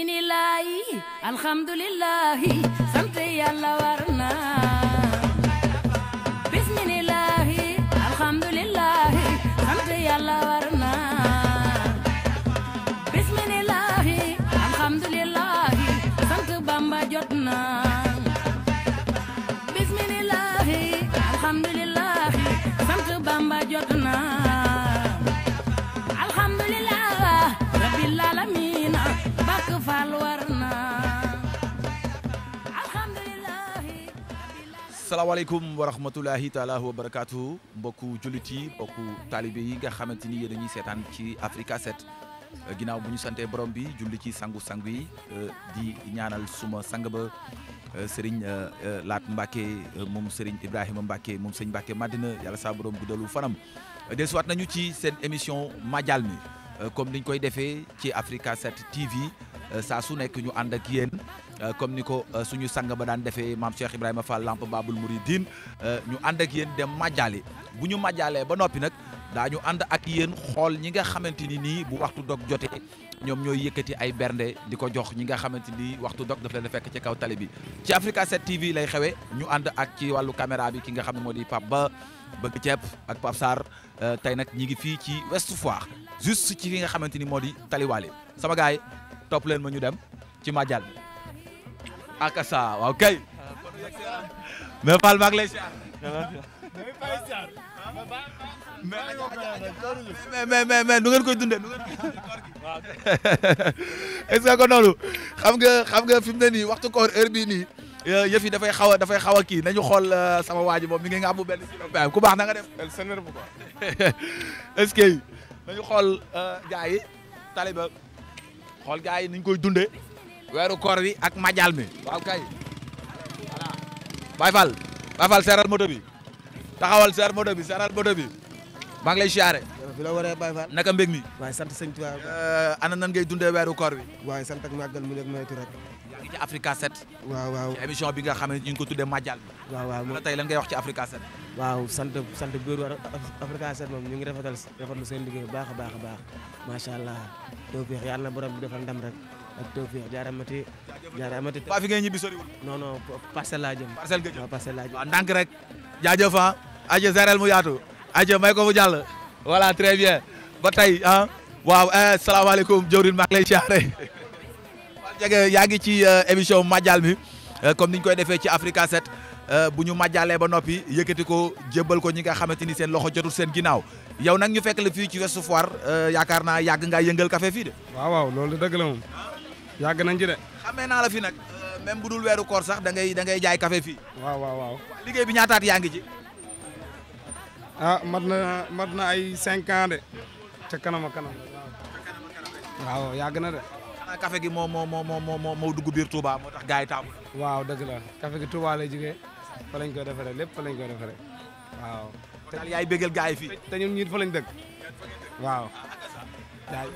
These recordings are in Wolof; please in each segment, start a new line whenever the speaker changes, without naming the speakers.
bismillaahi alhamdulillaahi sant yàlla war na bismillaahi alhamdulillaahi sant yàlla war na bismillaahi alhamdulillaahi sant Bamba jot na faal war na alhamdulilahi
salaamaaleykum wa rahmatulahi taala wa barakaatu mbokku jullit yi mbokku taalibe yi nga xamante ni yéen a ñuy seetaan ci Africa 7 ginnaaw bu ñu santee borom bi julli ci sangu-sangu yi euh, di ñaanal suma sang ba euh, sëriñ euh, Laat Mbacke moom Serigne Ibrahima Mbacke moom sëñ mbakke Madina yàlla saa borom guddalu fanam desuwaat nañu ci seen émission Madial mi comme niñ koy defee ci Africa 7 TV Euh, saa su nekk ñu ànd ak yéen euh, comme ni ko euh, suñu sang ba daan defee maam Cheikh Ibrahima Fall Lamp Babul Mouridine ñu ànd ak yéen dem màjjaali bu ñu màjjaalee ba noppi nag daañu ànd ak yéen xool ñi nga xamante ni nii bu waxtu dog jotee ñoom ñooy yëkkati ay bernde di ko jox ñi nga xamante ni waxtu dog daf leen a fekk ci kaw tali bi ci Africa 7 TV lay xewee ñu ànd ak ci wàllu caméra bi ki nga xam ne moo di Pape Ba bëgg ceeb ak Pape Sarr tey nag ñi ngi fii ci West Foire juste nga xamante ni moo di taliwaale topp leen ma ñu dem ci màjjal bi ah, ak sa waaw kay. mais Fall maa ngi mais mais mais mais nu ngeen koy dundee nu ngeen koy est-ce que ko noonu xam nga xam nga fi mu ne nii waxtu koor heure bii nii euh, yëf xaw dafay xaw a kii nañu xool euh, sama waa ji moom mi ngi nga am benn ku baax na nga def. est-ce que nañu xool euh, gars taliba xool gars yi niñ koy dundee weeru koor wi ak majal mi waaw kay voilà Baye Fall Baye Fall seeral moto bi taxawal seer moto bi seeral moto bi maa ngi lay siyaare fi la waree Baye Fall mi waaye sant sëñ Tuubaa euh, ana nan ngay dundee weeru koor wi waaye sant ak màggal mu nekk rek ngi ci Africa 7. waaw waaw émission bi nga xam ne ñu ngi ko tuddee Madial bi. waaw waaw loolu tey lan ngay wax ci Africa 7. waaw sant sant bu wér Africa 7 moom ñu ngi rafetal rafetlu seen liggéey bu baax a baax a baax macha allah tawféex yàlla na borom bi defal ndam rek ak tawféex jaaramati jaaramati. waa fi ngay ñibbi soriwul. non non parcelle laa jëm. parcelle nga jëm waaw parcelle laa jëm. waaw ndànk rek jaajëf ah. aja zareel mu yaatu. aja may ko mu jàll. bien ba tey ah waaw eh, salaamaaleykum jawrin maa ngi lay jege yaa ngi ci euh, émission madial mi euh, comme ni ñu koy defee ci Africa 7 euh, bu ñu madialee ba noppi yëkkati ko jébbal ko ñi nga xamante ni seen loxo jotul seen ginnaaw yow nag ñu fekk la fii ci Ouest Foire yaakaar naa yàgg ngaa yëngal kafe fii de.
waaw waaw loolu dëgg la moom
yàgg nañ ci de. xamee naa la fi nag même bu dul weeru koor sax da ngay da ngay jaay kafe fi waaw waaw waaw. liggéey bi ñaataat yaa ngi ci. ah na mat na ay cinq ans de. ca kanam a waaw yàgg na de. xanaa café gi moo moo moo moo moo dugg biir Touba moo tax gars yi taamu. waaw dëgg la café gi Touba lay jugee fa lañ koy defaree lépp fa lañ koy defaree waaw. te daal yaay bégal gars yi fii. te ñun ñit fa lañ dëkk waaw.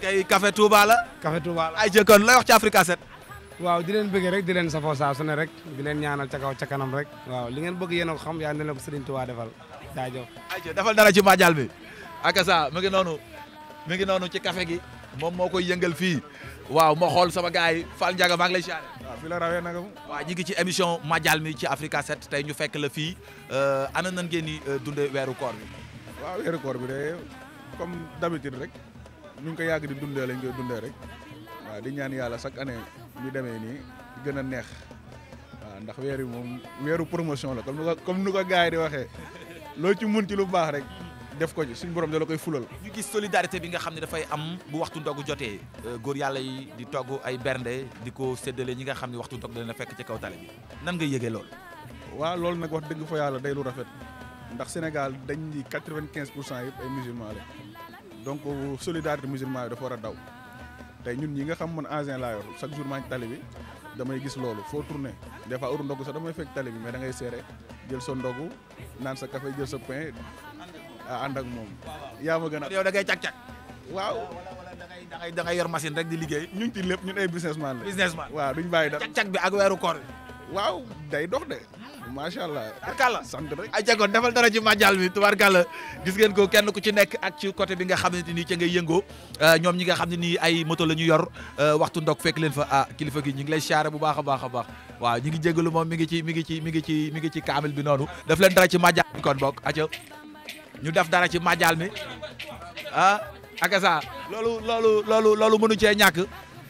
tey café Touba la. café Touba ay jëkkoon lay wax
ci di leen bëggee di leen safoo saa su rek di leen ñaanal ca kaw ca kanam rek. waaw li ngeen bëgg
yéen ko xam yaa ne la ko Serigne Touba defal jaajëf. ayca defal dara ci Madial ci café gi moom moo koy yëngal fii waaw ma xool sama gars yi Fall Ndiaga maa ngi lay siyaare. waaw fi la rawee nag waaw ñu ci émission Madial mi ci Africa 7 tey ñu fekk la fii euh, ana nan ngeen di euh, dundee weeru koor bi. waaw weeru koor bi de comme d'habitude rek ñu ngi ko yàgg di dundee lañ koy dundee rek waaw di ñaan yàlla chaque année ñu demee nii gën a neex waaw ndax weer yi moom weeru promotion la comme nu ko comme nu ko gars yi di waxee loo ci mun ci lu baax rek. def ko ci suñu borom da la koy fulal. ñu gis solidarité bi nga xam ne dafay am bu waxtu ndogu jotee. Euh, góor yàlla yi di togg ay bernde di ko séddale ñi nga xam ne waxtu ndog na fekk ci kaw tali bi nan ngay yëgee loolu. waaw loolu nag wax dëgg fa yàlla day lu rafet ndax Sénégal dañ ni quatre-vingt-quinze pour cent yëpp ay musulmans la
donc solidarité musulman yi dafa war a daw te ñun ñi nga xam man engin laa chaque jour maa ngi tali bi damay gis loolu foo tourné des fois heure ndogu sax damay fekk bi mais da ngay seere
jël sa ndogu naan sa café jël sa pain ànd ak moom. yaa ma gën a yow da ngay càq-càq. waaw da ngay da ngay yor machine rek di liggéey. ñu ngi ci lépp ñun ay businessman la. businessman waaw duñ bàyyi dara càq-càq bi ak weeru koor bi. waaw day dox de. macha allah tubaarkàlla sant rek. ay jagoon defal dara ci màjjal bi tubaarkàlla gis ngeen ko kenn ku ci nekk ak ci côté bi nga xam ne nii ca ngay yëngoo euh, ñoom ñi nga xam ne nii ay moto la ñu yor euh, waxtu ndog fekk leen fa ah kilifa gi ñu ngi lay siyaare bu baax a baax a baax waaw ñu ngi jégalu moom mi ngi ci mi ngi ci mi ngi ci mi ngi ci kaamil bi noonu daf leen dara ci màjjal bi kon bokk aca ñu def dara ci màjjal mi ah ak loolu loolu loolu loolu mënu cee ñàkk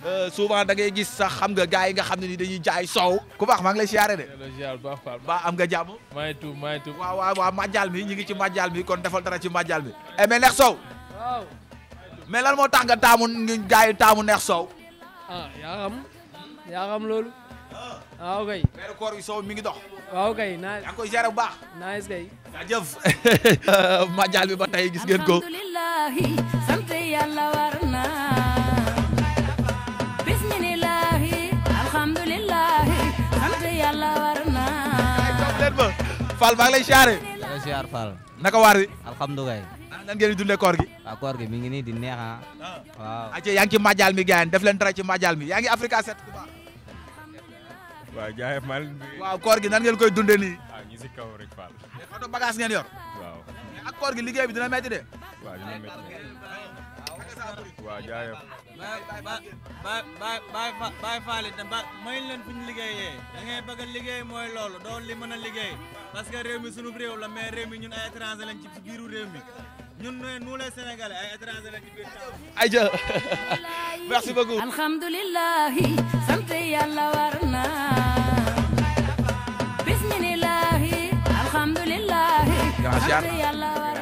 euh, souvent da ngay gis sax xam nga gars yi nga xam ne nii dañuy jaay soow ku baax maa ngi lay siyaare de ba am nga jàmm maa ngi tuub maa ngi tuub waaw waaw waaw mi ñu ngi ci màjjal mi kon defal dara ci màjjal mi e mais neex soow mais lan moo tax nga taamu gars yi taamu neex soow
ah
loolu ah. waaw kay. weeru koor yu soow mi ngi dox. waaw kay naa. yaa ngi koy gérer bu baax. naa yées kay. jaajëf. majaal bi ba tey gis ngeen ko.
sant yàlla war na. bismillahi alhamdulillahi sant yàlla war na.
leen ma Fall maa ngi lay siyaare. maa ngi lay siyaar Fall. naka waar wi. alhamdulilah. nan ngeen di dundee koor gi. waaw koor gi mi ngi nii di neex ah. ah. waaw. ayca yaa ngi ci majaal mi gars def leen dara ci majaal mi yaa ngi Africa 7 bu baax. waaw jaayef mal waaw koor gi nan ngeen koy dundee nii waaw ah, ñi si kaw rek Fall oto bagage ngeen yor waaw ak koor gi liggéey bi dina metti de waaw dina
metti waaw jaayef baay
faal it ba may leen fu ñu liggéeyee da liggéey mooy loolu doon li mën a liggéey
parce que mi sunu réew la mais réew mi ñun ay étranger lañ ci biiru réew mi ñun nous les Sénégalais
ay étrangers la ci biir ay jë
merci beaucoup alhamdulillah sant yàlla war na bismillah alhamdulillah sant yàlla war na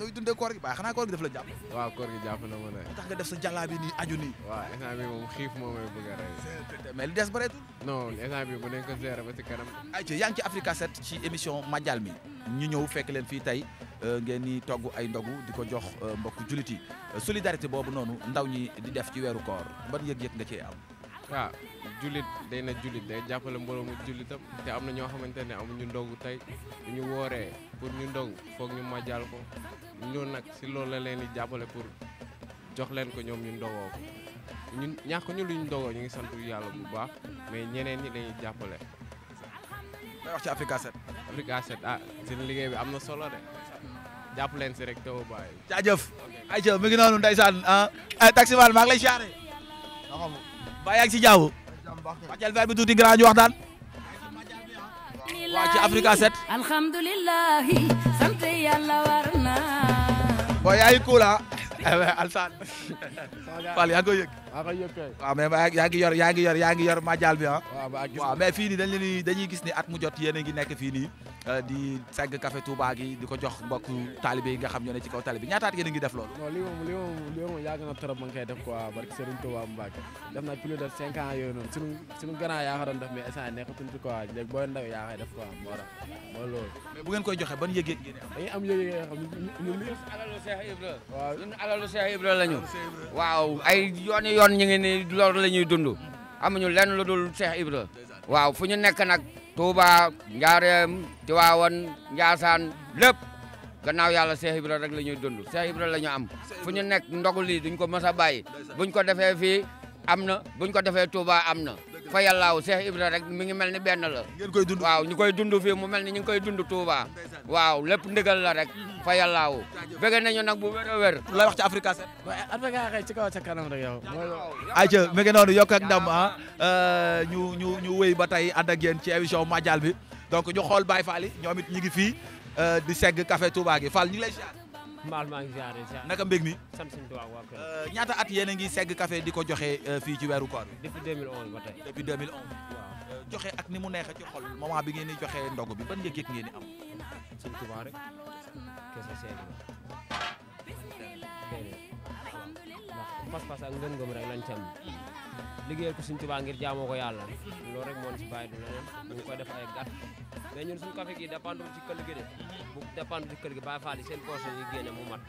nooy dundee koor gi baax xanaa koor gi daf la jàpp waaw koor gi jàpp na ma ne tax nga def sa jàllaa bi nii aju nii waaw instant bi moom xiif moo may bëgg a rey mais li des bareetul non instant bi bu nañ ko gérer ba si kanam ay ci yaa ngi ci Africa 7 ci émission Madial mi ñu ñëw fekk leen fii tey euh, ngeen ni togg ay ndogu di ko jox euh, mbokk julit yi euh, solidarité boobu noonu ndaw ñi di def ci weeru koor ban yëg-yëg nga cee
am jullit day na julit day jàppale mboroomu jullitam te am na ñoo xamante ne ñu dog tey ñu woore pour ñu ndogu foog ñu majal ko ñun nag si loolu la leen di jàppale pour jox leen ko ñoom ñu ndogoo ko ñun ñàkk ñu luñ ndogoo ñu ngi sant yàlla bu baax mais ñeneen ñi dañuy jàppale. may wax ci Africa 7. Ah, bi am na solo jàpp leen si
rek te woo bàyyi. jaajëf ayca mi ngi noonu ndeysaan ah ay eh, taximaan maa ngi lay siyaare. waaw yaa si jaabu. wàccal verre bi tuuti grand ñu waxtaan
waa ci Africa 7 alhamdulillah sant yàlla war na
boo yaay kuula alsaan Fall yaa ngi ah? maa ah, koy yëg kay. Ah, ah. waaw mais yaa ni at mu jot yéen a euh, di segg café Touba gi di ko jox mbokku taalibe yi nga xam ñoo ne ci kaw tali bi ñaataat yéen a ngi def loolu.
non lii moom lii moom lii moom yàgg na def na plus de cinq ans yooyu noonu suñu suñu grand yaa ko doon def mais instant yii nekkatuñ ci quoi def quoi
moo tax bu ngeen koy joxe ban yëg-yëg alalu Cheikh Ibra waaw waaw ay yoon yoon ñu ngi
ni loolu la ñuy dund amuñu lenn lu dul Cheikh Ibra waaw fu ñu nekk nag Touba Njaareem Tiwaawan Njaasaan lépp gannaaw yàlla Cheikh Ibra rek la ñuy dundu Cheikh Ibra la ñu am fu ñu nekk ndogu lii duñ ko mës a bàyyi buñ ko defee fii am na buñ ko defee Touba am na fa yàllaaw Cheikh Ibra rek mi ngi mel ni benn la. ngeen koy dund ñu koy dund fii mu mel ni ñu ngi koy dund Touba. waaw lépp ndigal la rek. fa yàllaaw. bëgg nañu nag bu wér a wér. la wax ci Africa 7. waaye
Africa xëy ci kaw ca kanam rek yow. ayca mi ngi noonu yokk ak ndam ah euh, ñu ñu ñu wéy ba tey ànd ak ci émission Madial bi donc ñu xool Baye Fall yi ñoom it ñu ngi fii euh, di seg café Touba gi Fall ñu Mbaal ngi ziare ziare. naka mbég mi. sant suñu tubaab waa euh, ñaata at yéen a ngi segg kafe di ko joxe euh, fii ci weeru koor bi. depuis 2011 ba tey. depuis 2011. Euh, joxe ak ni mu neexee ci xol moment bi ngeen di joxe ndogu bi ban njëkk ngeen di am. suñu tubaab rek kese seetlu na. lañ ci am. Hmm.
liggéeyal ko suñ Tuubaa ngir jaamoo ko yàlla loolu rek moo ñu si bàyyi du leneen ñu ngi koy def ay gàtt mais ñun suñu café gi dépendre ci kër gi de bu dépendre ci kër gi Baay Faal yi seen portion yi génne
mu mat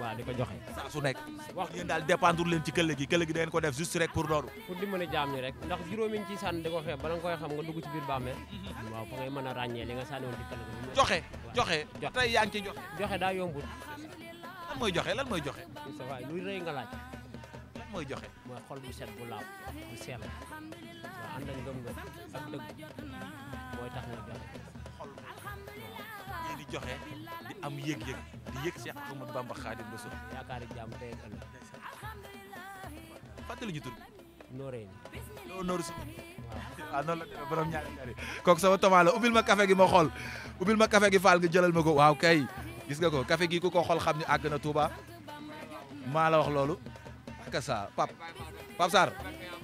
waaw di ko joxe saa su nekk wax yéen daal dépendre leen ci kër gi kër gi da ngeen ko def juste rek pour loolu
pour di mën a jaam ñi rek ndax juróomi ñu ciy sànni di ko xeeb bala nga koy xam nga dugg ci biir bàmmeel mhm. waaw fa ngay mën a ràññee li nga sànni woon ci kër gi joxe joxe tey yaa ngi ci joxe joxe daa yombut lan mooy joxe lan mooy joxe sa waay luy rëy nga laaj mooy joxe. mooy xol bu set bu laaw bu sell waaw di joxe di
am yëg-yëg di yëg Cheikh Ahmadou Bamba Khadim Rasoul. yaakaari jàmm tey ak ëllëg. fàttali ñu tur. Nooré. loo nooru si. waaw ah, noonu la demee borom ñaari ma café gi ma xool ubbil ma kafe gi faal nga jëlal ma ko waaw gis nga ko kafe gi ku ko xool xam ni àgg na maa la wax loolu. ak pap pap Sarr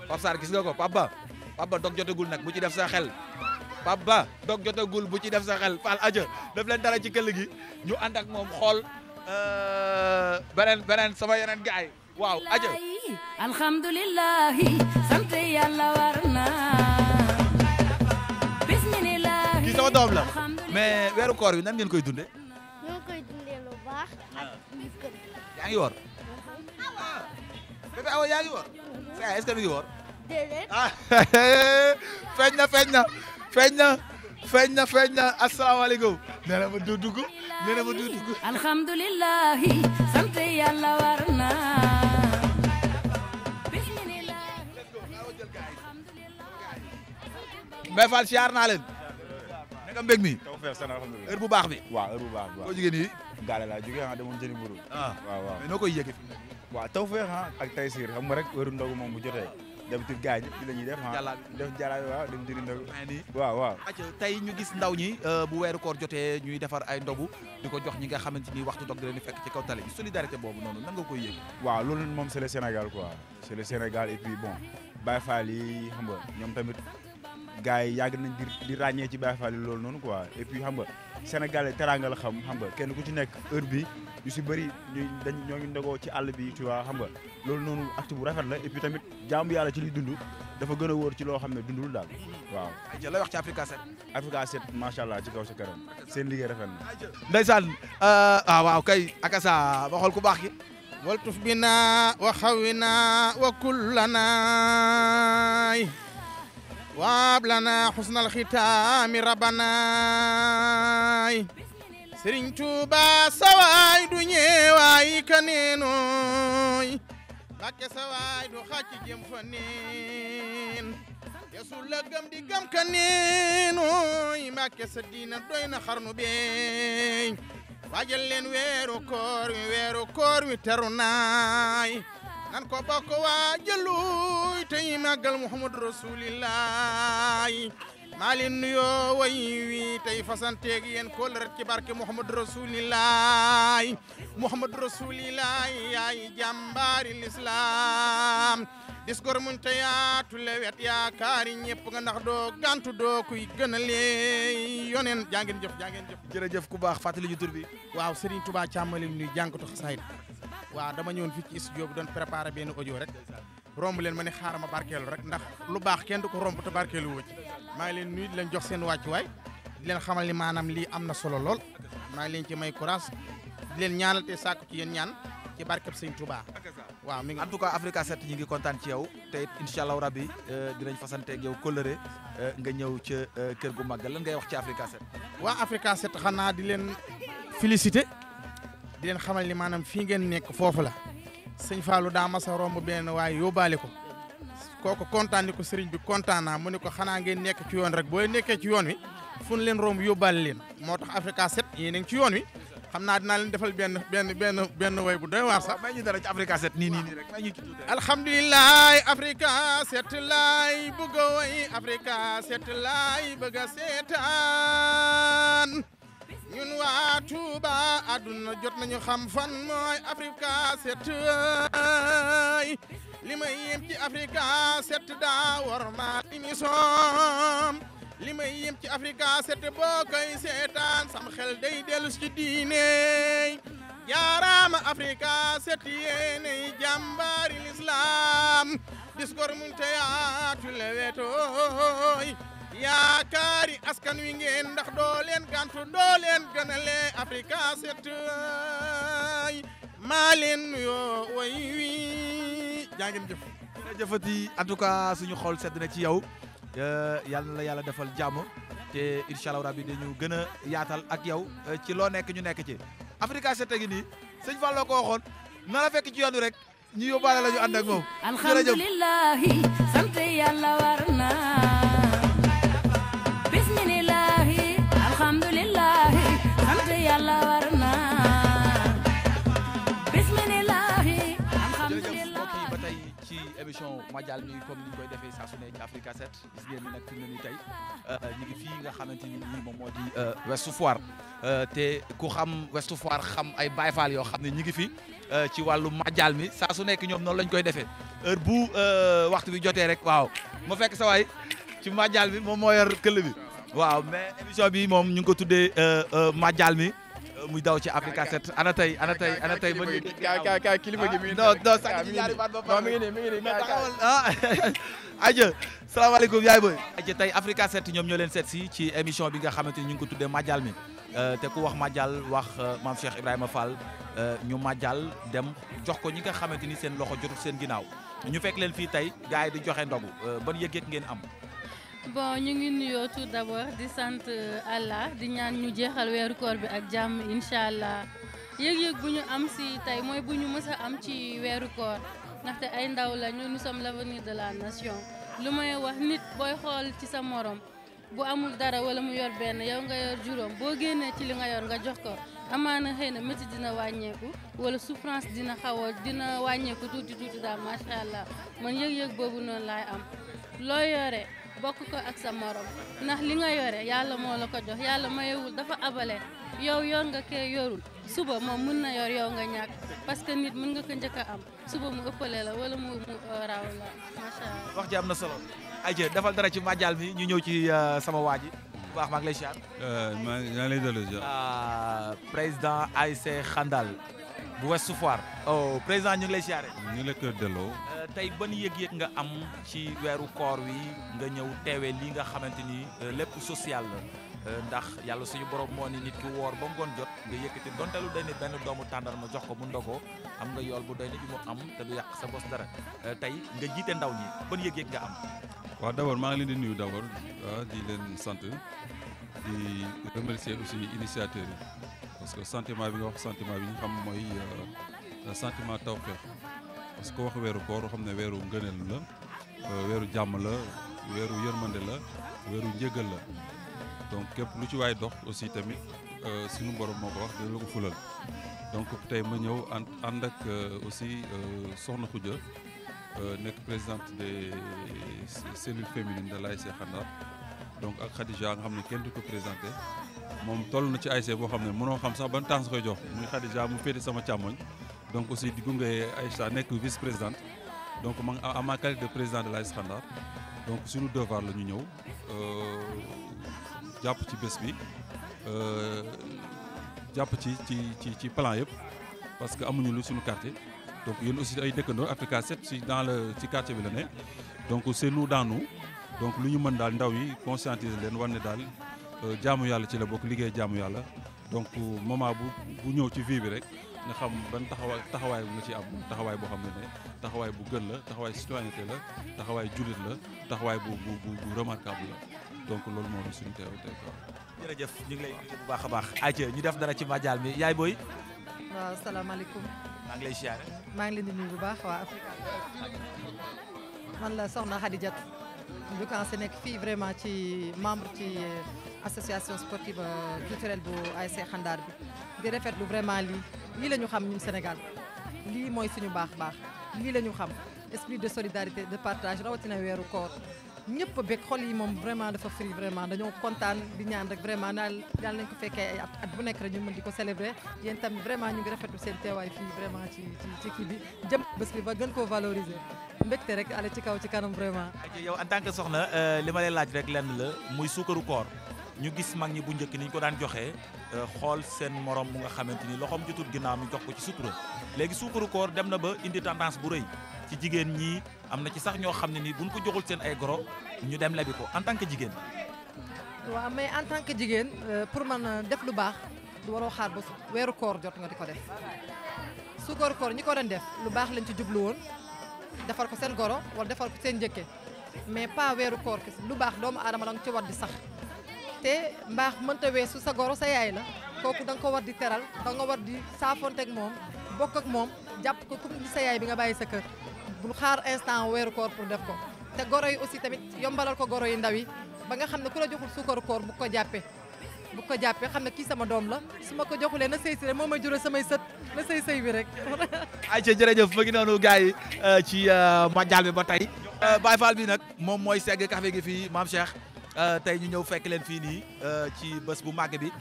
pap Sarr gis nga ko pap ba pap dog jotagul nag bu ci def sa xel ba dog jotagul bu ci def sa xel fal aja daf dara ci këll gi ñu ànd ak moom xool euh, beneen beneen sama yeneen gaay waaw aja
alhamdulillah sant yàlla war na
bismillah kii sama doom la
weeru koor wi nan ngeen koy dunde ñoo
koy dunde lu baax bébé Awa yaa ngi woor
saa est-ce que mi ngi woor.
déedéet ah
feeñ na feeñ na feeñ na feeñ na feeñ na asalaamaaleykum nee na
ma naa.
Mbaye Fall siyaar baax bi. waaw heure bu bi waaw. boo jigéen yi. gaale laa jugee ah dama jëli mburu.
Ah. Ah,
waaw tawfeex ah ak taysiir xam nga rek wëru ndogu moom bu jotee dem ci gaañ bi la ñuy def ah def jalabi waaw dem jëri ndogu waaw waaw aca tey ñu gis ndaw ñi euh, bu weeru koor jotee ñuy defar ay ndogu di ko jox ñi nga xamante ni waxtu dog di leen di fekk ci kaw tali solidarité boobu noonu nan nga koy yëg waaw loolu moom c'est le Sénégal quoi c'est le Sénégal et puis bon Baye Fall yi xam nga ñoom tamit gars yi yàgg nañ di di ràññee ci Baye Fall yi loolu noonu quoi et puis xam Sénégalais teraanga la xam xam kenn ku ci nekk heure bi yu si bëri ñuy dañ ñoo ngi ci àll bi tu vois xam nga loolu noonu acte bu rafet la et puis tamit yàlla ci li dund dafa gën a ci loo xam ne dundul daal waaw. jërëjëf lay wax ci Africa 7. Africa 7 macha allah ci kaw sa kanam seen liggéey rafet na. ndeysaan euh, ah waaw
kay akasa ma xool ku baax ki. waltuf bina wa xawina wa kullanaay waab lana xusnal xitaami rabbana waay sëriñ tuuba sawaay du ñeewaay ka neenooy sawaay du xàcc jëm fa neen yesu la gëm di gëm ka neenooy mbàkke doy na xarnu beey waajal leen weeru koor wi weeru koor wi teru naay nan ko bokk waajaluy tey màggal muhammadu rasulillahi maa leen nuyoo way wi tey fasanteeg yéen kool ret ci barke Mouhamadou Rasulilaay Mouhamadou Rasulilaay yaay jàmbaari lislaam discours muñ te wet lewet yaakaari ñëpp nga ndax doo gantu doo kuy gën a lee yoneen jaa ngeen jëf jaa ngeen jëf jërëjëf ku baax fàttali ñu tur bi waaw Serigne Touba Thiam ma leen nuyu jànkatu xasaayid waaw dama ñëwoon fii ci studio bi doon préparé benn audio rek romb leen ma ne xaaral ma barkeelu rek ndax lu baax kenn du ko romb te barkeelu woo ci maa ngi leen nuyu di leen jox seen wàccuwaay di leen xamal ni maanaam lii am na solo lool maa ngi leen ci may courage di leen ñaanal te
sàkku ci yéen ñaan ci barkeb sëñ Touba waaw mi ngi en tout cas Africa 7 ñi ngi kontaan ci yow te it incha allahu rabbi euh, dinañ fasante ak yow kóllëre euh, nga ñëw ca euh, kër gu màgg lan ngay wax ci Africa waa Africa xanaa di leen
félicité di leen xamal ni maanaam fii ngeen nekk foofu la. sëñ Fallou daa masa romb benn waay yóbbaale ko kooku kontaan ko sëriñ bi kontaan mu ne ko xanaa ngeen nekk ci yoon rek booy nekkee ci yoon wi fu leen romb yóbbaale leen moo tax Africa 7 yéen ci yoon wi xam naa dinaa leen defal benn benn benn benn way bu doy waar sax. may ñu dara ci Africa 7 nii nii nii rek may ñu ci tuuti. a way Africa 7 laay bëgg a ñun waa Touba àdduna jot nañu xam fan mooy Africa 7 li may yem ci Africa 7 daa war ma émission li may yem ci Africa 7 boo koy seetaan sam xel day dellu ci diine jaaraama Africa 7 yéenay jàmbaari l'islam discours mun te yaatu le wetooy yaakaari askan wi ngeen ndax doo leen gantu doo leen gënale Africa 7
ay maa leen nuyoo way wi jaa ngeen jëf jëfati en tout cas suñu xool sedd na ci yow euh, yal na la yàlla defal jàmm te incha allah rabbi dañu gën a yaatal ak yow euh, ci loo nekk ñu nekk ci Africa 7 gi nii sëñ Fallou na la ci yoon rek ñu yóbbaale la ñu ànd ak moom alhamdulilah
sant yàlla na
émission mondiale mi ngi comme ni koy defee saa su ne ci Africa 7 gis ngeen nag euh, nga xamante ni nii moom moo di euh, Ouest Foire euh, te ku xam Ouest Foire xam ay Baye Fall yoo xam ne ñu ngi fi ci wàllu mondial mi saa su nekk ñoom noonu lañ koy defee heure bu waxtu bi jotee rek waaw ma fekk sa waay ci mondial bi moom moo yor këll bi waaw mais émission bi moom ñu ngi ko tuddee mondial mi. muy daw ci Africa 7 ana tey ana tey ana tey ba ngi
kaay kaay kilifa gi mi ngi non non sax mi ngi nii mi ngi nii taxawal
ah aja salaamaaleykum yaay boy aja tey Africa 7 ñoom ñoo leen seet si ci émission bi nga xamante ni ñu ngi ko tuddee Madial mi euh, te ku wax Madial wax euh, maam Cheikh Ibrahima Fall euh, ñu majal dem jox ko ñi nga xamante ni seen loxo jotul seen ginnaaw ñu fekk leen fii tey gars yi di joxe ndogu ban yëg-yëg ngeen am
bon ñu ngi nuyoo tout d'abord di sant euh, Allah di ñaan ñu jeexal weeru koor bi ak jàmm incha allah yëg-yëg bu ñu am si tey mooy bu ñu mës a am ci weeru koor ndaxte ay ndaw la ñu nous sommes l'avenir de la nation lu may wax nit booy xool ci sa morom bu amul dara wala mu yor benn yow nga yor juróom boo génnee ci li nga yor nga jox ko amaana xëy na métti dina wàññeeku wala souffrance dina xaw dina wàññeeku tuuti tuuti daal macha allah man yëg-yëg boobu noonu laay am bokk ko ak sa morom ndax li nga yore yàlla moo la ko jox yàlla mayewul dafa abale yow yor nga kee yorul suba moom mun na yor yow nga ñàkk parce que nit mën nga ko a am suba mu ëppale wala mu mu uh, la macha allah.
wax ji na solo ayca defal dara ci màjjal mi ñu ñëw ci uh, sama waa ji bu baax maa ngi lay ziar.
Euh, maa ngi lay delloo ziar. Ah, président ASC Xandal
bu Ouest Foire. oh président ñu ngi lay siyaare. la ko delloo. Euh, tey ban yég yëg nga am ci weeru koor wi nga ñëw teewee lii nga xamante ni euh, lépp social la euh, ndax yàlla suñu borom moo ni nit ki woor ba ngoon jot nga yëkkati donte lu doy benn doomu tàndarma jox ko mu ndogoo am nga yool bu doy ni bi mu am te du yàq sa bos dara tey nga jiite ndaw ñi bën yëg-yëg nga am.
waaw d'abord maa ngi leen di nuyu d'abord ah, di leen sant di remercier aussi initiateur yi. parce que santiment bi nga wax sentiment bi ñu xam mooy euh, sentiment tawfeex parce que wax weeru koor xam ne weeru ngëneel la euh, weeru jàmm la weeru yërmande la weeru njëgal la donc képp lu ci waay dox aussi tamit euh, suñu borom moo ko wax dina la ko fulal donc tey ma ñëw ànd ànd ak aussi soxna Khoudia nekk présidente des cellules féminines de l'ASC Xandar donc ak Khadija nga xam ne kenn du ko présenté moom toll na ci ay ASC boo xam ne mënoo xam sax ban temps koy jox muy Khadija mu féete sama càmmoñ donc aussi di gunge Aïcha nekk vice président donc ma à ma qualité de président de l'AS Xandar donc suñu devoir la ñu ñëw euh, jàpp ci bés bi euh, jàpp ci ci ci ci plan yëpp parce que amuñu lu suñu quartier donc yéen aussi ay dëkkandoo Africa 7 si dans le ci quartier bi la ne donc c'est nous daanu donc lu ñu mën daal ndaw yi conscientiser leen war ne daal euh, jaamu yàlla ci la bokk liggéey jaamu yàlla donc moment bu bu ñëw ci vie bi rek nga xam ban taxawaay taxawaay bu nga ci am taxawaay boo xam ne ne taxawaay bu gën la taxawaay citoyenneté la taxawaay jullit la taxawaay bu bu bu remarquable la donc loolu moom di suñu teew tey quoi.
ñu ngi lay nuyu bu baax a baax.
ayca ñu def dara ci majaal bi yaay booy.
waaw salaamaaleykum. maa ngi lay siyaare. maa ngi leen di nuyu bu baax waa Africa. man la Soxna Khadijatou. Lucas nekk fii vraiment ci membre ci association sportive culturelle bu ASC Xandaar e bi di rafetlu vraiment lii lii la ñu xam ñun Sénégal lii mooy suñu baax baax lii la ñu xam esprit de solidarité de partage rawatina weeru koor ñëpp a bég xol yi moom vraiment dafa fri vraiment dañoo kontaan di ñaan rek vraiment daal daal nañ ko fekkee ay at bu nekk rek ñu mën di ko célébrer yéen tam vraiment ñu ngi rafetlu seen teewaay fii vraiment ci ci kii bi jëm bés bi ba gën koo valoriser mbégte rek ale ci kaw ci kanam vraiment.
yow en tant que soxna euh, li ma laaj rek lenn la muy suukaru koor ñu gis mag ñi bu njëkk ni ñu ko daan joxee euh, xool seen morom bu nga xamante ni loxoom jotul ginnaaw mi jox ko ci sutura léegi suukaru koor dem na ba indi tendance bu rëy. ci jigéen ñii am na ci sax ñoo xam ne ni buñ ko joxul seen ay goro ñu dem lebi ko en tant que jigéen.
waaw mais en tant que jigéen euh, pour man euh, def lu baax du waroo xaar ba weeru koor jot nga di ko def su koor koor ñi ko doon def lu baax lañ ci jublu woon defar ko seen goro wala defar ko seen njëkke mais pas weeru koor ki lu baax doomu aadama la nga ci war di sax te mbaax mënta weesu sa goro sa yaay la kooku da nga ko war di teral da nga war di saafonte moom bokk ak moom jàpp ko comme ni bi nga bàyyi sa kër bul xaar instant weeru koor pour def ko te goro yi aussi tamit yombalal ko goro yi ndaw yi ba nga xam ne ku la joxul suukaru bu ko jàppee bu ko jàppee xam ne kii sama doom la su ma ko joxulee na sëy si rek moo may samay sët na sëy sëy bi rek.
ayca jërëjëf ba ngi noonu gars yi euh, ci euh, mondial bi ba tey. Euh, Baye Fall bi nag moom mooy segg café gi fii maam Cheikh tey ñu ñëw fekk leen fii nii ci bés bu màgg bi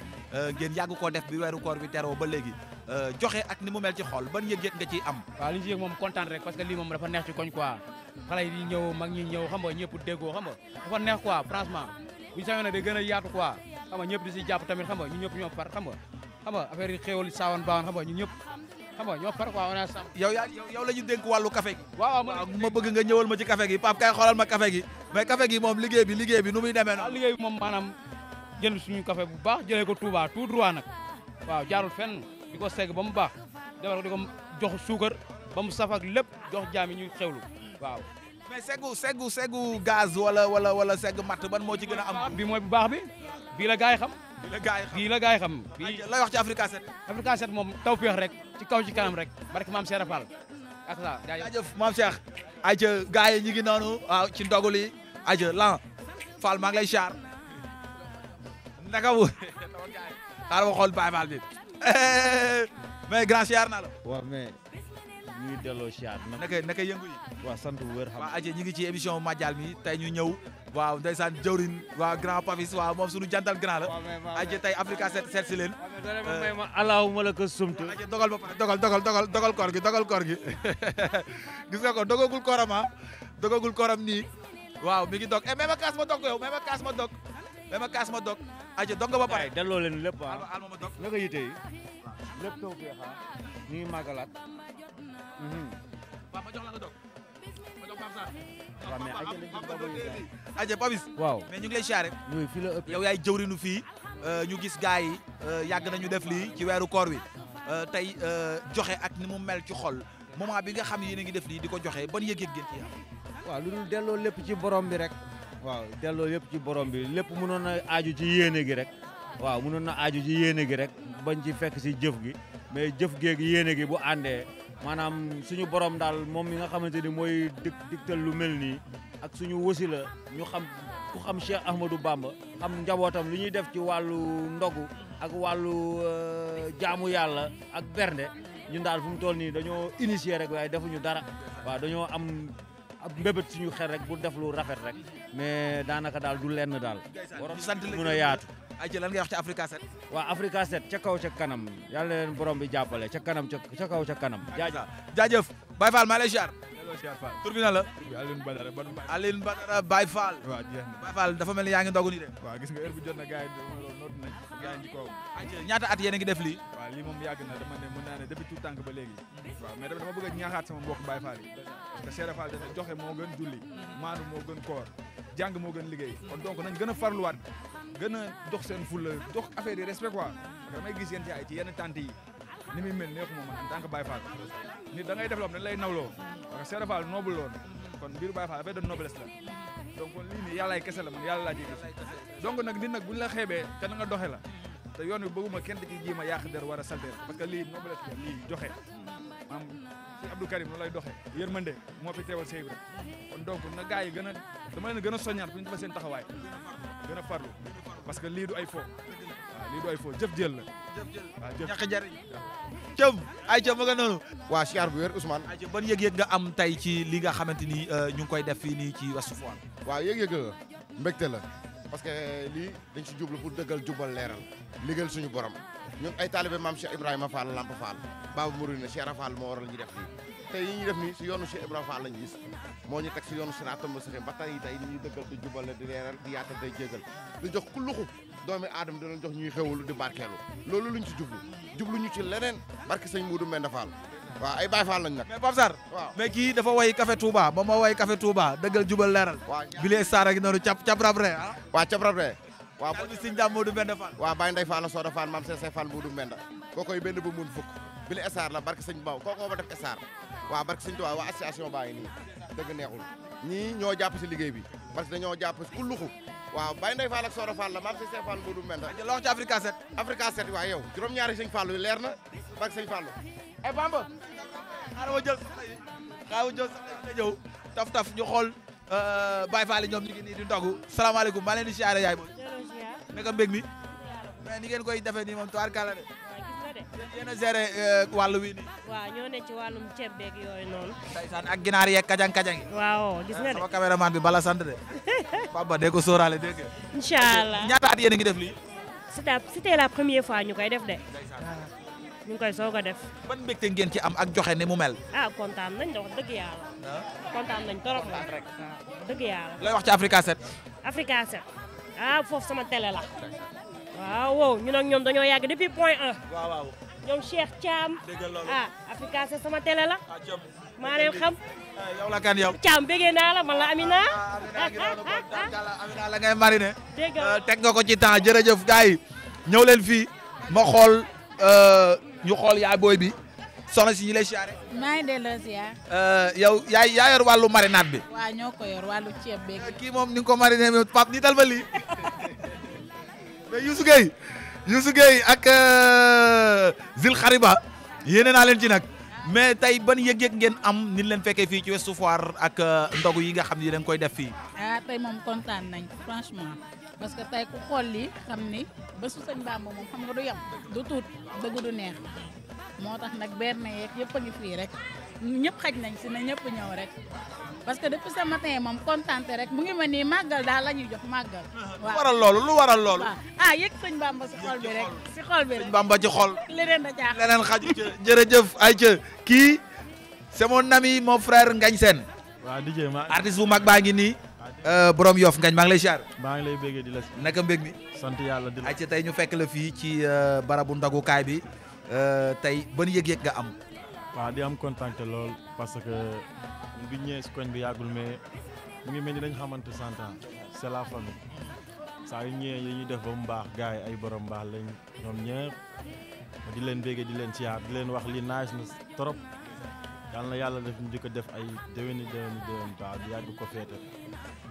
ngeen yàgg koo def bi weeru koor bi teroo ba léegi. Euh, joxe ak ni mu mel ci xol ban yëg-yëg nga ciy am waaw li ñu ci yëg moom kontaan rek parce que lii moom dafa neex ci koñ quoi xale yi ñëw mag ñi ñëw xam nga ñëpp déggoo xam nga dafa neex quoi franchement bu ñu sañoon nag day gën a yaatu quoi xam nga ñëpp di si jàpp tamit xam nga ñu ñëpp ñoo far xam nga xam nga affaire yi xéewal saawan baawan xam nga ñu ñëpp xam nga ñoo far quoi on est yow yaa yow la ñu dénk wàllu café gi waaw waaw ma bëgg nga ñëwal ma ci café gi Pape kay xoolal ma café gi mais café gi moom liggéey bi liggéey bi nu muy demee noonu liggéey bi moom maanaam jënd suñu café bu baax jëlee ko Touba tout droit nag waaw jaarul fenn di ko segg ba mu baax defal ko jox suukar ba mu saf ak lépp jox jaam ñu ñuy xewlu waaw. mais seggu seggu seggu gaz wala wala wala segg matt ban moo ci gën a am. bi mooy bu baax bi bi la gars yi xam. bii la gars yi xam bii la gars yi xam. bii lay wax ci Africa 7. Africa 7 moom taw féex rek ci kaw ci kanam rek barke maam Cheikh a ak ça jaajëf maam Cheikh. ayca gars yi ñu ngi noonu waaw ci ndogul yi ayca lan Fall maa ngi lay char naka wu xaaral ma xool Baye Fall bi. Eh, mais grand siyaar naa la. waaw mais. ñu ngi delloo siyaar. naka naka yëngu yi. waaw sant bu wér xam nga. waaw aje ñu ngi ci émission Madial mi tey ñu ñëw. waaw ndeysaan jawrin waaw grand Papis waaw moom suñu jantal grand la. aje tey Africa seet seet si leen. waaw ma allahumma laka sumtu. aje dogal ba pare dogal dogal dogal dogal koor gi dogal koor gi. gis nga ko dogagul kooram ah. dogagul kooram nii. waaw mi ngi dog eh mais ma kaas ma dog yow mais ma kaas ma dog mais ma kaas ma dog. aja dong nga ba pare delloo leen lépp ah naka yite yi lépp taw bi xaar ah. ñu ngi màggalaat. waaw mhm. ma jox la nga dog ma jox Pape Sarr. waaw mais aja lañ ko ah. aja waaw mais ñu ngi lay siyaare. ñooy fii la fii euh, ñu gis gars yi euh, yàgg nañu def lii ci weeru koor wi euh, tey joxe ak ni mu mel ci xol moment bi nga xam yéen ngi def lii di ko joxe ban yëg-yëg ngeen ci lu dul delloo lépp ci borom bi rek. waaw delloo yëpp ci borom bi lépp mënoon na aju ci yéene
gi rek waaw mënoon na aaju ci yéene gi rek bañ ci fekk si jëf gi mais jëf gi geeg yéene
gi bu àndee maanaam suñu borom daal moom mi nga xamante ni mooy dik diktal lu mel nii ak suñu wasila ñu xam ku xam si Ahmadou Bamba am njabootam lu ñuy def ci wàllu ndogu ak wàllu euh, jaamu yàlla ak bernde ñun daal fu mu toll nii dañoo initier rek waaye defuñu dara waaw dañoo am ab mbébét suñu xel rek bu def lu rafet rek
mais daanaka daal du lenn daal. waroon mën a yaatu.
ayca lan ngay wax ci Africa 7. waaw Africa 7 ca kaw ca kanam yàlla leen borom bi jàppale ca kanam ca kaw ca kanam. jaajëf jaajëf Baye Fall maa lay ziar. tur bi na la. Alioune Badara ban Baye. Alioune Badara Baye Fall. waaw jeex na Baye Fall dafa mel ni yaa ngi ndogu nii de. waaw gis nga heure bi jot na gars yi gaañ ci kawam ñaata at yéen a ngi def lii waaw lii moom yàgg na dama ne mën naa ne depuis tout tànk ba léegi waaw mais dama bëgg a ñaaxaat sama mbokk Baye Fall yi parce que Cheikh Fall dana joxe moo gën julli maanu moo gën koor jàng moo gën liggéey kon donc nañ gën a farluwaat gën a dox seen fulla dox affaire yi respect quoi parce que damay gis yéen ci ay ci yenn tante yi ni muy mel neexuma man en tant que Baye Fall nit da ngay def loolu dañ lay nawloo parce que Serigne Fall noble loon kon mbiru Baye Fall affaire de noblesse la donc kon lii nii la man yàlla laa ciy gis donc nag nit nag buñ la xeebee te na nga doxe la te yoon bi bëgguma kenn di ci ma yàq der war a salter parce que lii noblesse la lii joxe maam si Abdou Karim loolu lay doxe yërmande moo fi teewal kon donc na gars yi gën a dama leen gën a soññaat pour ñu defal seen taxawaay gën a farlu parce lii doy foofu jëf jël la. jëf jël waaw jëf ñàkk jariñ. cëm ay cëm ma nga noonu. waa siyaar bu wér Ousmane. ay cëm ban yëg-yëg nga am tey ci li nga xamante ni euh, ñu ngi koy def fii nii ci Ouest Foire. waaw yëg-yëg la la
parce que eh, lii dañ si jublu pour dëggal jubal leeral liggéeyal suñu borom ñun ay taalibe maam Cheikh Ibrahima Fall Lamp Fall Babu Mourine Cheikh Fall moo waral ñu def lii tey yi ñu def nii si yoonu Cheikh Ibrahima la lañ gis moo ñu teg si yoonu siraatal mustaqiim ba tey tey ñu di jubal di leeral di yaatal day jégal jox ku luxu doomi aadama dinañ jox ñuy xewlu di barkeelu loolu luñ ci jublu jublu ñu ci leneen barke sëñ Moudou Mbenda
Fall waaw ay Baye Fall nag. mais Pape kii dafa way Café Touba ba way Café Touba dëggal jubal leeral. waaw bile ak noonu cap cap rabre ah. waaw cap rabre. waaw daal bi sëñ Dame
Moudou Mbenda Fall. waaw benn bu mun fukk bile Sarr la barke sëñ Baw kookoo ba def Sarr waaw barke sëñ Touba waa association baa ngi nii ñii ñoo jàpp si bi parce que waaw Baye Ndeye Fall ak Soxna Fall la maam si Seex Fall Modou Mbenda loo wax ci Africa 7 Africa 7 leer na bak sëñ Fall ay
eh, Bamba xaaral ma jël sax yi xaaral ma jël sax yi ñëw taf taf ñu xool euh, Baye Fall ñoom ñu ngi nii di ndogu salaamaaleykum maa leen di siyaare yaay booy naka ni ngeen koy defee nii moom tuwaar de. Euh, wi nii. ñoo ne ci wàllum ceeb beeg yooyu noonu. ak ginaar yeeg kajang kajang. waaw gis nga de sama caméraman bi bala sant de. Bamba de ko sóoraale dégg nga.
incha allah ñaata at yéen a ngi def lii. c'était la première fois ñu koy def de. ñu ngi koy soog a def.
ban mbégte ngeen ci am ak joxe ni mu mel.
ah kontaan nañ da wax dëgg yàlla. Ah. kontaan nañ trop la rek.
wax ci Africa 7.
Africa 7 ah foofu sama télé la. waaw ñu nag ñoom dañoo yàgg depuis point 1. waaw waaw ñoom Cheikh Thiam. ah Africa c'est sama télé la. Ah, maa leen xam. Ah, yow la kan yow. Thiam bëggee naa la man la Amina. Ah,
Amina la ngay mariné. dégg euh, teg nga ko ci temps jërëjëf gars yi ñëw leen fii ma xool euh, ñu xool yaay booy bi soxna si ñu lay siyaare.
maa ngi delloo siyaar.
Euh, yow yaay yaa yor wàllu marinade bi. waaw ñoo ko yor wàllu ceeb beeg. kii moom ni nga ko mariné Pape ni dal ma lii. mais Youssou Gueye Youssou Gueye ak euh, Zil Khariba yéene naa leen ci nag mais tey ban yëg-yëg ngeen am ni leen fekkee fii ci Ouest foir ak euh, ndogu yi nga xam ni dañ koy def fii.
ah tey moom kontaan nañ franchement parce que tey ku xool li xam ni bésu sëñ Bamba moom xam nga du yem du tuut dëgg du neex moo tax nag berne yeeg yëpp ngi fii rek ñëpp xaj nañ si na ñëpp ñëw rek parce que depuis ce matin moom contenté rek mu ngi ma nii màggal daal la ñuy jox màggal. waaw lu waral loolu lu waral loolu. ah
yëg sëñ Bamba si xol bi rek si xol bi rek. sëñ Bamba ci xol. leneen da caa
leneen xaju jërëjëf kii c'est mon ami mon frère Ngagne Sène. waaw DJ ma artiste bu mag baa ngi nii. Euh, borom Yoff Ngagne maa ngi lay siyaar. maa ngi lay bëggee di la. naka mbég mi. sant yàlla di la tey ñu fekk la fii ci euh, barabu ndagukaay bi. Euh, tey ban yëg-yëg nga am. waa di am kontaan lool parce que bi ñëwee si koñ bi yàggul mais mu ngi mel ni dañu xamante cent ans la famille saa yu ñëwee li ñuy def ba mu baax gars yi ay borom baax lañ ñoom ñëpp di leen béggee di leen ci yaar di leen wax li naaj na trop yal na yàlla def ñu di ko def ay déwéni déwéni déwén baax di yàgg ko feete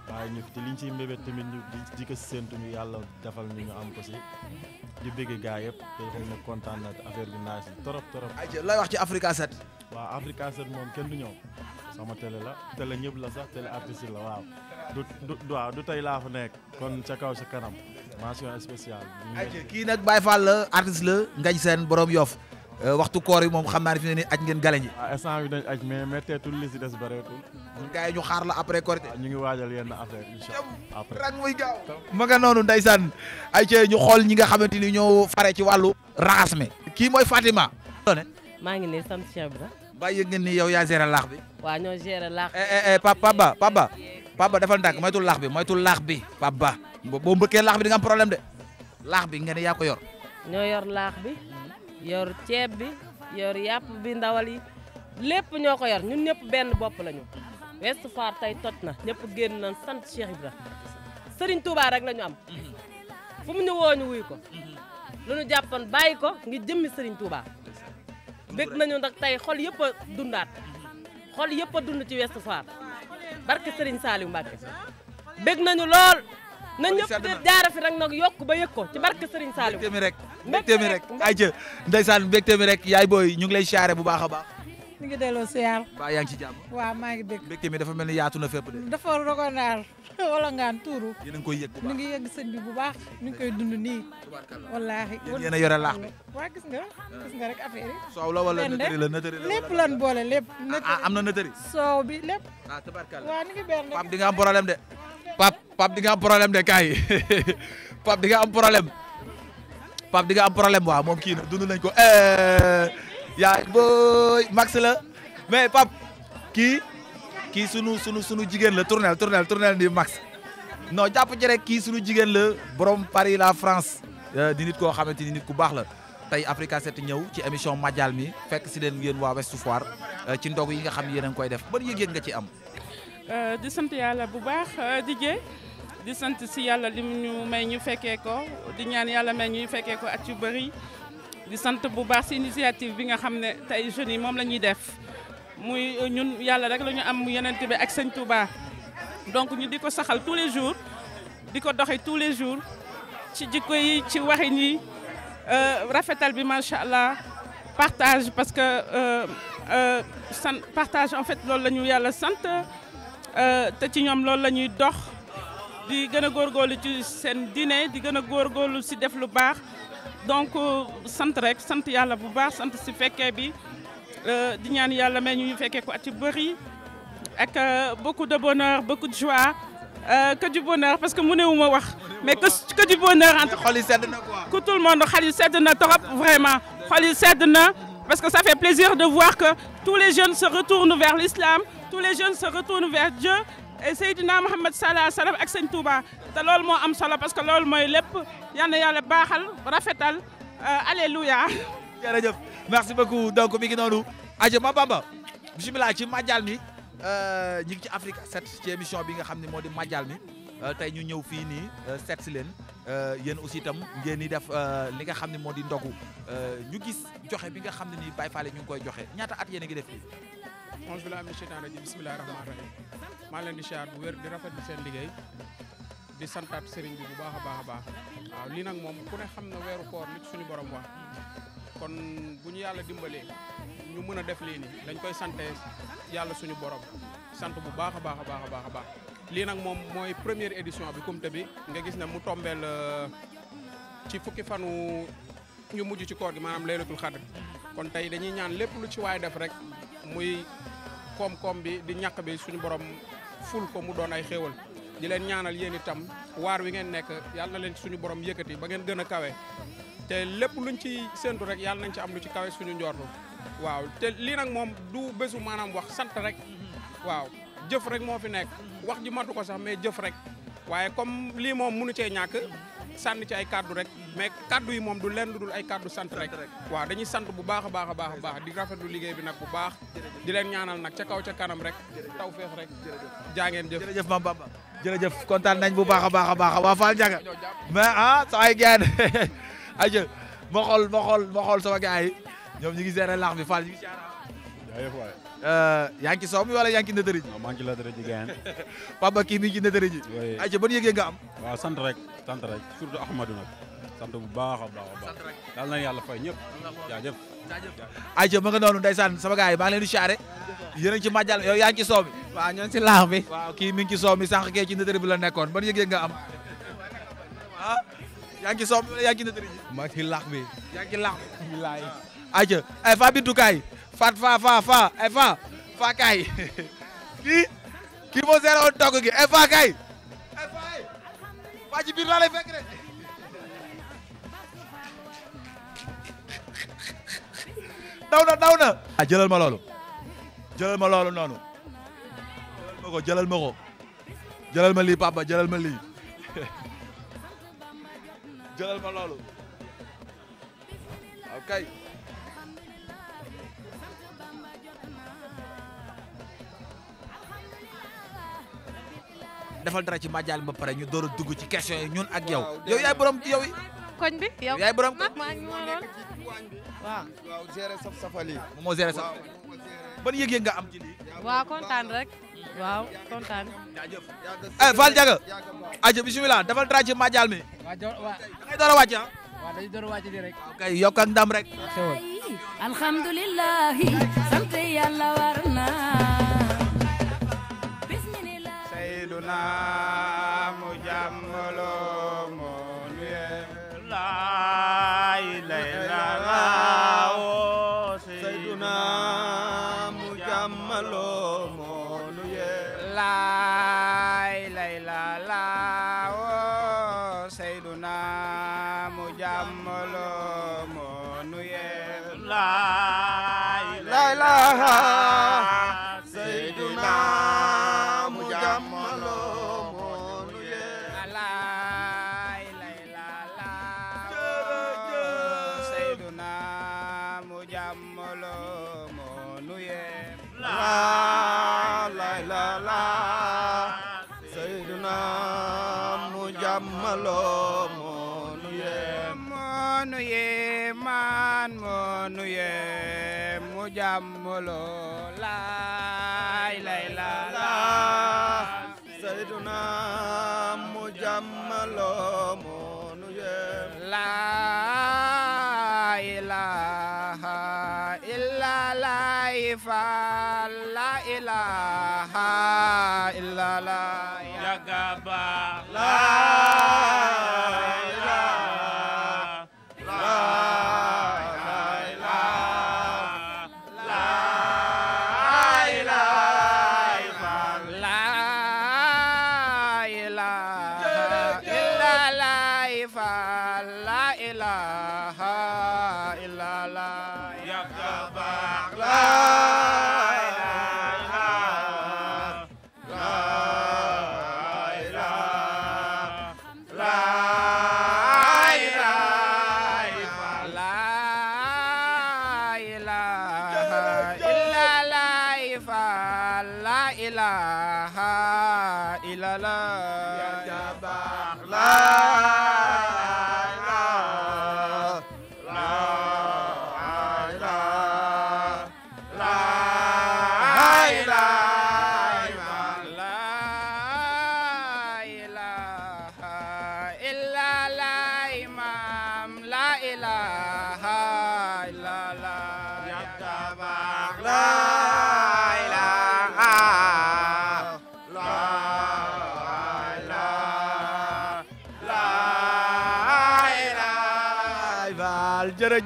waaye ñu te liñ ciy mbébét tamit ñu di ko séentu ñu yàlla defal ñu ñu am ko si di bëgg gaa yëpp te xam ne kontaan na affaire bi naaj trop trop. ayca lay wax ci Africa 7. waaw Africa 7 moom kenn du ñëw sama télé la télé ñëpp la sax télé artiste la waaw du du waaw du tey laa fa nekk kon ca kaw ca kanam mention spéciale. ayca kii nag Baye Fall la artiste la Ngagne Sène borom Yoff. Euh, waxtu koor yi moom xam naa ne fi ne nii aj ngeen gale ñi. ah instant bi dañ aj mais ñu xaar la après Korité. Ah, ñu ngi waajal yenn affaire après rang muy gaaw. ma noonu ndeysaan ay ci ñu xool ñi nga xamante ni ñoo fare ci wàllu raxas mi. kii mooy Fatima.
maa ngi ne
sam Cheikh Ibra.
ba yëg ngeen ni yow yaa gérer laax bi.
waaw ñoo gérer laax bi. Eh, eh,
eh, papa papa papa defal ndànk moytul laax bi moytul laax bi papa boo mbëkkee lax bi di nga am problème de laax bi nga ne yaa ko yor.
ñoo yor laax bi yor ceeb bi yor yàpp bi
ndawal yi lépp ñoo ko yor ñun ñëpp benn bopp lañu Ouest Foire tey toj na ñëpp génn nañ sant Cheikh la Serigne Touba rek la am fu mu ñu woo ñu wuy ko lu ñu jàppoon bàyyi ko ngir jëmmi Serigne Touba bég nañu nag tey xol yëpp a dundaat xol yëpp a dund ci Ouest Foire barke Serigne Saliou Mbacké bég nañu lool na ñëpp di jaara fi rek nag yokk ba yëg ko ci
barke Serigne Saliou mbégte mi rek mbégte mi rek ay jë ndeysaan mbégte mi rek yaay booy ñu ngi lay siyaare bu baax a baax
ñu ngi delloo siyaar baa yaa ngi ci jàmm waaw maa ngi dégg
mbégte mi dafa mel ni yaatu na fépp de
dafa rogonaar wala ngaan tuuru yéen a ngi koy yëg bu baax ñu ngi yëg sëñ bi bu baax ñu ngi koy dund nii wallaahi
yéen a yore laax bi waa gis nga gis nga rek affaire yi soow la wala nëtëri la nëtëri la lépp lan boole lépp ah, ah, am na nëtëri soow bi lépp waaw
ah, tabarkalla waaw ni ngi benn pam di nga am problème de pap pap di nga am problème de kaay pap di nga am problème pap di nga am problème waaw moom kii na dund nañ ko eh, yaay booy max la mais pap kii kii sunu sunu sunu jigéen la tournel tournel tournel ni max non jàpp ci kii sunu jigéen la borom Paris la France eh, di nit koo xamante ni nit ku baax la tey Africa 7 ñëw ci émission Madial mi fekk si leen yéen waa Ouest Foire eh, ci ndog yi nga xam yéen a ngi koy def ban yëg-yëg nga ci am
Euh, di sant yàlla bu baax euh, di jee di sant si yàlla li mu ñu may ñu fekkee ko di ñaan yàlla may ñu fekkee ko at yu bëri di sant bu baax si initiative bi nga xam ne tey jeunes yi moom la ñuy def muy euh, ñun yàlla rek la ñu am yenente bi ak sëñ Touba donc ñu di ko saxal tous les jours di ko doxee tous les jours ci jikko yi ci waxin yi rafetal bi macha allah partage parce que san partage en fait loolu la ñu yàlla sant Euh, te ci ñoom loolu la ñuy dox di gën a góorgóorlu ci seen diine di gën góor lu si def lu baax donc euh, sant rek sant yàlla bu baax sant si fekkee bi euh, di ñaan yàlla may ñu fekkee ko at bëri ak beaucoup de bonheur beaucoup de joie que du bonheur parce que mu ne wu ma wax mais que que du bonheur entre xol yi sedd na le monde xol yi sedd na trop vraiment xol sedd na parce que ça fait plaisir de voir que tous les jeunes se retournent vers l'islam tous les jeunes se retournent vers Dieu et Seydina Mohamed Salah Salam ak sëñ Touba te loolu moo am solo parce que loolu mooy lépp yal na yàlla baaxal rafetal euh, alléluia. jërëjëf merci beaucoup donc mi ngi noonu.
aja ma bamba bisimilah ci màjjal mi euh, ñu ci afrique 7 ci émission bi nga xam ne moo di màjjal mi euh, tey ñu ñëw fii nii seet si leen yéen aussi itam ngeen di def li nga xam ne moo di ndogu ñu gis joxe bi nga xam ne nii Baye Fall ñu ngi koy joxe ñaata at yéen a ngi def nii
onze bilaa mi seytaan rajiim bisimilah rahmaan rahim maa leen di siyaar bu wér di rafetlu seen liggéey di santaat sëriñ bi bu baax a baax a baax waaw lii nag moom ku ne xam na weeru koor suñu borom wax kon bu yàlla dimbalee ñu mën a def lii nii dañ koy sante yàlla suñu borom sant bu baax a baax a baax a baax a baax lii nag moom mooy première édition bi comité bi nga gis ne mu tombeel euh, ci fukki fanu ñu mujj ci koor gi maanaam laylatul xadr kon tey dañuy ñaan lépp lu ci waay def rek muy koom-koom bi di ñàkk bi suñu borom ful ko mu doon ay xéewal di leen ñaanal yéen tam waar wi ngeen nekk yàlla na leen suñu borom yëkkati ba ngeen gën a kawe te lépp luñ ci séntu rek yàlla nañ ci am lu ci kawe suñu njortu waaw te lii nag moom du bésu maanaam wax sant rek waaw jëf rek moo fi nekk wax ji matu ko sax mais jëf rek waaye comme lii moom mënu cee ñàkk sànni ci ay kaddu rek mais kaddu yi moom du lenn dul ay kaddu sant rek waaw dañuy sant bu baax a baax a baax baax di rafetlu liggéey bi nag baax di leen ñaanal nag ca kaw ca kanam rek taw feex rek jaa ngeen jëf jërëjëf
Mame Bamba jërëjëf kontaan nañ bu baax a baax a baax waa Fall Ndiaga mais ah sa ay gaan ajo ma xool ma xool ma xool sama yi ñoom ñu ngi seere laax bi Fall ñu ngi jaajëf euh, yaa ngi ci soom wala yaa ngi ci nëtëri ji maa ngi ci nëtëri ji gaan Papa kii mi ngi ci
ajo ban yëgee nga am sant rek sant rek surtout Ahmadou nag sant bu baax a baax a baax daal na yàlla fay ñëpp jaajëf
ayca ma nga noonu ndeysaan sama gars yi maa ngi leen di siyaare yéen a ngi ci màjjal yow yaa ngi ci soow mi waaw ñoo ngi ci laax bi waaw kii mi ngi ci soow mi sànq kee ci nëtër bi la nekkoon ban yëg-yëg nga am ah yaa ngi ci soow mi yaa ngi ci nëtër bi maa ngi ci laax bi yaa ngi ci laax bi laay ayca ay fa bintu kaay faat fa fa fa ay fa fa kaay kii kii moo seere woon togg gi ay fa kaay waa ji biir laa lay fekk de. daw na daw na. ah jëlal ma loolu. jëlal ma noonu. jëlal ma ko jëlal ma ko. jëlal ma lii defal dara ci Madialle ba pare ñu door a dugg ci question yi ñun ak yow. yow yaay borom yow. koñ
bi yow yaay borom ko maa
moo gérer saf. ban yëg am ci lii.
waaw kontaan rek. kontaan. jaajëf.
eh Fall Diaga. jaajëf bisimilah defal dara ci Madialle mi.
waaw da ngay door a wàcc ah.
kay yokk ak rek.
alhamdulilah
sant yàlla war Islam jàmm loo gàmmuloo laay lay la la sayyiduna mu jàmmaloo moonu yem laa e, ilaaha illa e, laay e, faal laa ilaaha illa laay yagaba laa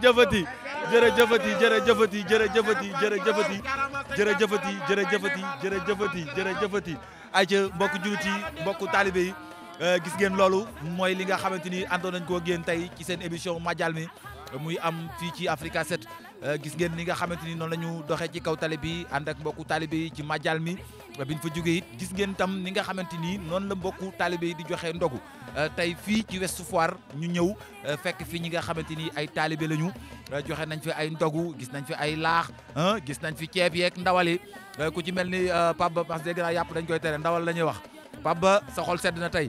jërëjëfati jërëjëfati jërëjëfati jërëjëfati jërëjëfati jërëjëfati jërëjëfati jërëjëfati jërëjëfati ay ca mbokku jullit yi mbokku taalibe yi euh, gis ngeen loolu mooy li nga xamante ni àndoon nañ koo génn tey ci seen émission Madial mi muy am fii ci Africa set Euh, gis ngeen ni nga xamante ni noonu lañu ñu doxee ci kaw tali bi ànd ak mbokku taalibe yi ci majal mi euh, biñ fa jógee it gis ngeen tam ni nga xamante ni noonu la mbokku taalibe yi di joxe ndogu euh, tey fii ci westu Foire ñu ñëw fekk fi ñi nga xamante ni ay taalibe lañu joxe nañ fi ay ndogu gis nañ fi ay laax gis nañ fi ceeb yeeg ndawal yi ku ci mel ni Pabba parce que dégg yàpp dañ koy tere ndawal la ñuy wax Pabba sa xol sedd na tey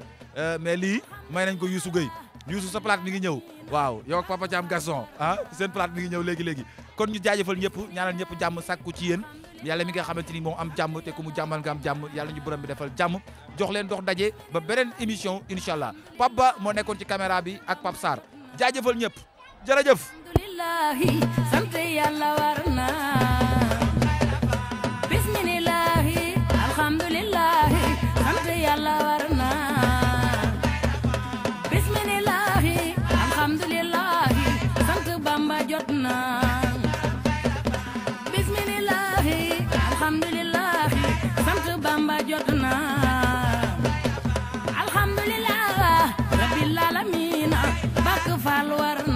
mais lii may nañ ko Youssou Gueye Youssou sa plate mi ngi ñëw waaw yow ak Papa Thiam Gaston ah seen plate mi ngi ñëw léegi léegi kon ñu jaajëfal ñëpp ñaanal ñëpp jàmm sàkku ci yéen yàlla mi nga xamante ni moom am jàmm te ku mu jàmmal nga am jàmm yàlla ñu borom bi defal jàmm jox leen dox daje ba beneen émission incha allah Pape Ba moo nekkoon ci caméra bi ak Pape Sarr jaajëfal ñëpp jërëjëf
sant bismillahi alhamdulillahi sant bamba jot na alhamdulillah rabbil alamin bak fal war na